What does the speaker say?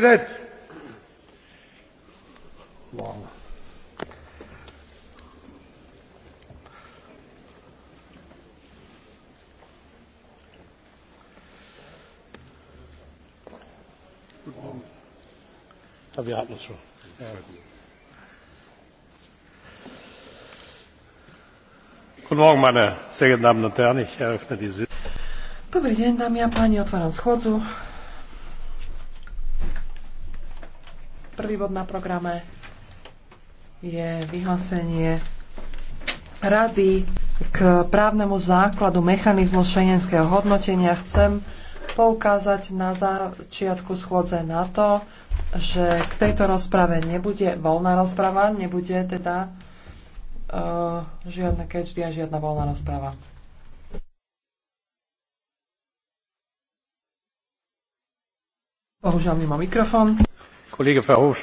president. Long. Have you happened to? Guten Morgen, meine sehr geehrten Damen und Herren. Ich eröffne die Sitzung. Dobrý deň, dámy a páni, otváram schôdzu. Prvý bod na programe je vyhlásenie Rady k právnemu základu mechanizmu šengenského hodnotenia. Chcem poukázať na začiatku schôdze na to, že k tejto rozprave nebude voľná rozprava, nebude teda uh, eh, žiadna catch a žiadna voľná rozprava. Bohužiaľ mimo mikrofón kollege